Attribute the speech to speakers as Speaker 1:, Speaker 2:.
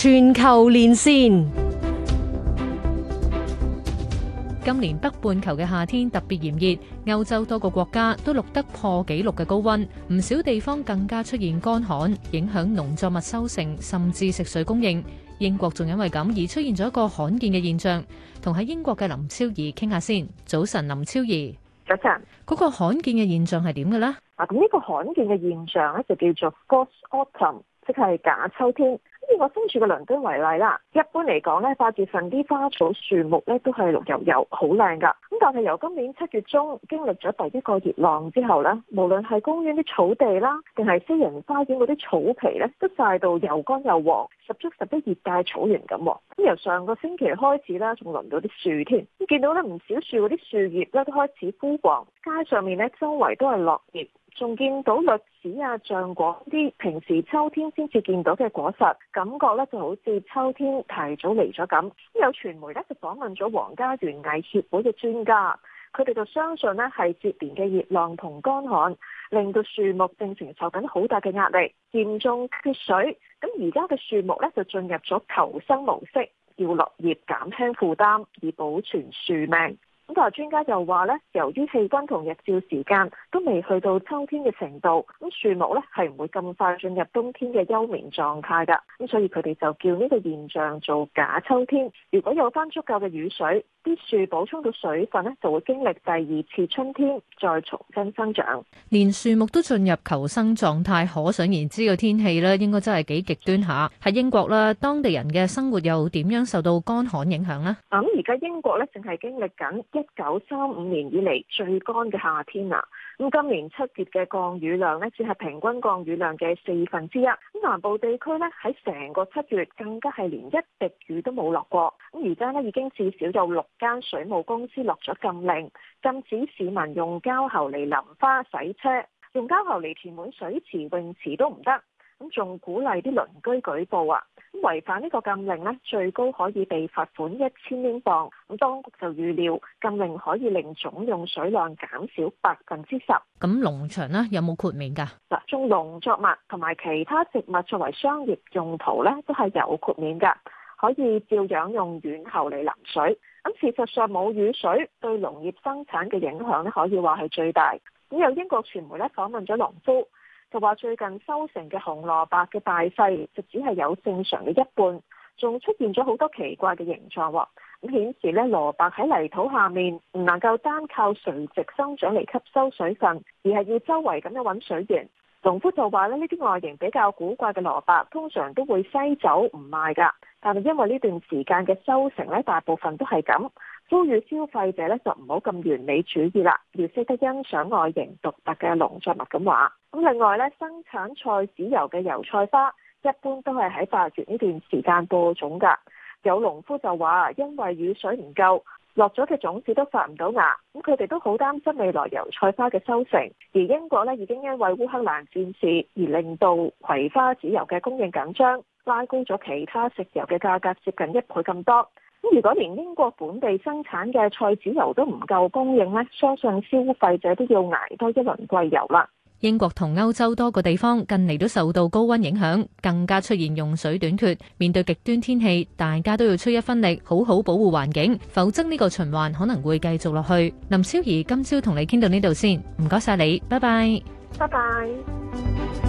Speaker 1: 全球連線。今年北半球嘅夏天特別炎熱，歐洲多個國家都錄得破紀錄嘅高温，唔少地方更加出現乾旱，影響農作物收成，甚至食水供應。英國仲因為咁而出現咗一個罕見嘅現象，同喺英國嘅林昭儀傾下先。早晨，林昭儀。早晨。嗰個罕見嘅現象係點嘅呢？啊，咁呢個罕見嘅現象
Speaker 2: 咧就叫做 false autumn，即係假秋天。我身處嘅倫敦為例啦，一般嚟講咧，八月份啲花草樹木咧都係綠油油、好靚噶。咁但係由今年七月中經歷咗第一個熱浪之後咧，無論係公園啲草地啦，定係私人花園嗰啲草皮咧，都曬到又乾又黃，十足十個熱帶草原咁。咁由上個星期開始啦，仲淋到啲樹添，見到咧唔少樹嗰啲樹葉咧都開始枯黃，街上面咧周圍都係落葉。仲見到栗子啊、橡果啲，平時秋天先至見到嘅果實，感覺咧就好似秋天提早嚟咗咁。有傳媒咧就訪問咗皇家園藝協會嘅專家，佢哋就相信呢係接連嘅熱浪同乾旱令到樹木正承受緊好大嘅壓力，嚴重缺水。咁而家嘅樹木咧就進入咗求生模式，要落葉減輕負擔，以保存樹命。專家就話咧，由於氣温同日照時間都未去到秋天嘅程度，咁樹木咧係唔會咁快進入冬天嘅休眠狀態噶。咁所以佢哋就叫呢個現象做假秋天。如果有翻足夠嘅雨水，啲樹補充到水分咧，就會經歷第二次春天，再重新生長。
Speaker 1: 連樹木都進入求生狀態，可想而知個天氣咧，應該真係幾極端下。喺英國啦，當地人嘅生活又點樣受到乾旱影響呢？
Speaker 2: 咁而家英國咧正係經歷緊一。九三五年以嚟最乾嘅夏天啊！咁今年七月嘅降雨量呢，只係平均降雨量嘅四分之一。咁南部地區呢，喺成個七月更加係連一滴雨都冇落過。咁而家呢，已經至少有六間水務公司落咗禁令，禁止市民用膠喉嚟淋花、洗車，用膠喉嚟填滿水池、泳池都唔得。咁仲鼓勵啲鄰居舉報啊！違反呢個禁令呢，最高可以被罰款一千英鎊。咁當局就預料禁令可以令總用水量減少百分之十。
Speaker 1: 咁農場呢有冇豁免㗎？嗱，
Speaker 2: 種農作物同埋其他植物作為商業用途呢，都係有豁免㗎，可以照樣用軟喉嚟淋水。咁事實上冇雨水對農業生產嘅影響呢，可以話係最大。咁有英國傳媒咧，訪問咗農夫。就話最近收成嘅紅蘿蔔嘅大細就只係有正常嘅一半，仲出現咗好多奇怪嘅形狀，咁顯示咧蘿蔔喺泥土下面唔能夠單靠垂直生長嚟吸收水分，而係要周圍咁樣揾水源。農夫就話咧，呢啲外形比較古怪嘅蘿蔔通常都會篩走唔賣㗎，但係因為呢段時間嘅收成咧，大部分都係咁。呼籲消費者咧就唔好咁完美主義啦，要識得欣賞外形獨特嘅農作物咁話。咁另外咧，生產菜籽油嘅油菜花一般都係喺八月呢段時間播種噶。有農夫就話，因為雨水唔夠，落咗嘅種子都發唔到芽。咁佢哋都好擔心未來油菜花嘅收成。而英國呢，已經因為烏克蘭戰事而令到葵花籽油嘅供應緊張，拉高咗其他食油嘅價格接近一倍咁多。如果連英國本地生產嘅菜籽油都唔夠供應咧，相信消費者都要挨多一輪貴油啦。
Speaker 1: 英國同歐洲多個地方近嚟都受到高溫影響，更加出現用水短缺。面對極端天氣，大家都要出一分力，好好保護環境，否則呢個循環可能會繼續落去。林昭儀今朝同你傾到呢度先，唔該晒你，拜拜，
Speaker 2: 拜拜。